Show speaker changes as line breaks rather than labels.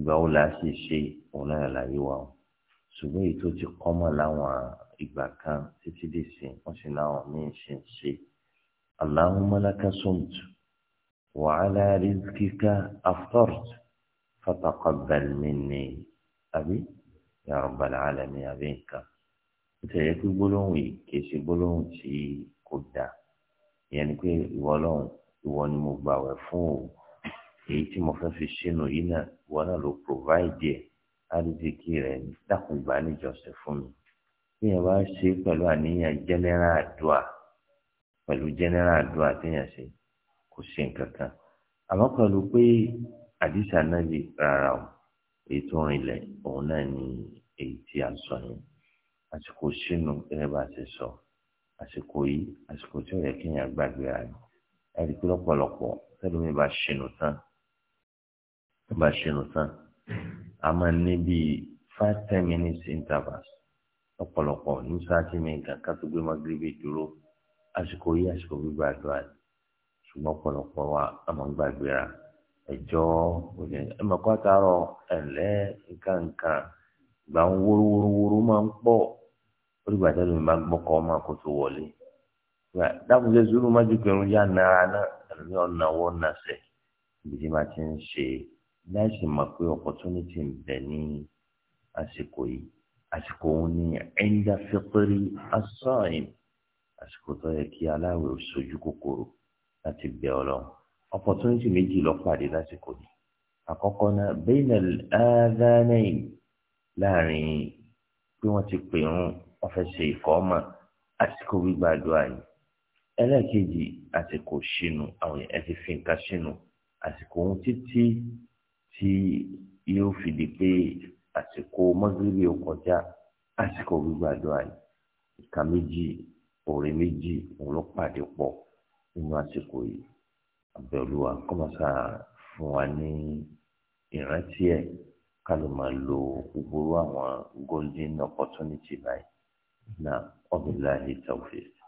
ìgbà wo la sì ṣe òun náà láyé wa o ṣùgbọ́n èyí tó ti kọ́mọ̀ láwọn ìgbà kan títí dè sí wọ́n sì láwọn míì ṣe ń ṣe Allahumma laka sumtu wa ala rizqika aftartu fataqabbal minni àbí ya rabbal alamin àbí nǹkan nítorí pé gbólóhùn yìí kì ṣe gbólóhùn tí kò dáa ìyẹn ni pé ìwọ Ọlọ́run ni mo gbàwẹ̀ fún òun èyí tí mo fẹ́ fi sínú yìí náà wọn náà ló provide ẹ̀ àrísìkí rẹ̀ dákun gbà níjọsìn fún mi bí yẹn bá ṣe pẹ̀lú àníyàn general àdúà pẹ̀lú general àdúà téèyàn ṣe kò ṣe nǹkan kan àmọ́ pẹ̀lú pé àdìsá náà lè rárá o èyí tó rinlẹ̀ òun náà ni èyí tí a sọ yẹn àsìkò sínú gẹ́gẹ́ bá a ṣe sọ àsìkò yìí àsìkò tí ó yẹ kéèyàn gbàgbé rà ní ẹ̀rí pé lọ́pọ̀lọpọ̀ tẹ́lómi bá ṣìnú tán bá ṣe nù a máa ní bíi five ten minutes intervals ọ̀pọ̀lọpọ̀ ní sáàtì mẹ́ta ká tó dúró àsìkò yí àsìkò gbígbà àdúrà wa a máa ń gbàgbéra ẹ̀jọ́ òní ẹ̀mọ̀kọ́ àtàrọ̀ ẹ̀lẹ́ nǹkankan ìgbà ń wórówórówóró máa ń pọ̀ tẹ́lẹ̀ mi máa ń ọmọ wọlé sùúrù májú kẹrin yá nara náà ọ̀nà wọ́n sẹ̀ ibi tí máa láìsí mọ̀ pé opportunity ń bẹ ní àsìkò yìí àsìkò òun ni ẹ̀ńdà fẹ́pẹ́rí asọ́ọ̀yìn àsìkò tó yẹ kí aláwẹ̀ sojú kòkòrò láti bẹ ọlọ́run opportunity méjì ló pàdé lásìkò yìí àkọ́kọ́ náà bẹ́ẹ̀nà ádánáì láàrin bí wọ́n ti pè ń ọ̀fẹ́ ṣe ọmọ àsìkò gbígbàdúrà yìí ẹlẹ́ẹ̀kejì àsìkò ṣìnù àwọn ẹ̀ ti àsìkò ohun títí tí yóò fi di pé àsìkò mọ́gìrì ó kọjá àsìkò gbígbàdúrà yìí ìka méjì ọ̀rẹ́ méjì òun ló pàdé pọ̀ nínú àsìkò yìí àbẹ̀olúwa kọ́mọ̀sá fún wa ní ìrántí ẹ̀ ká ló máa lo gbogbo àwọn golden opportunity báyìí na ọ̀bìnrin láàyè tàwùfẹ́sì.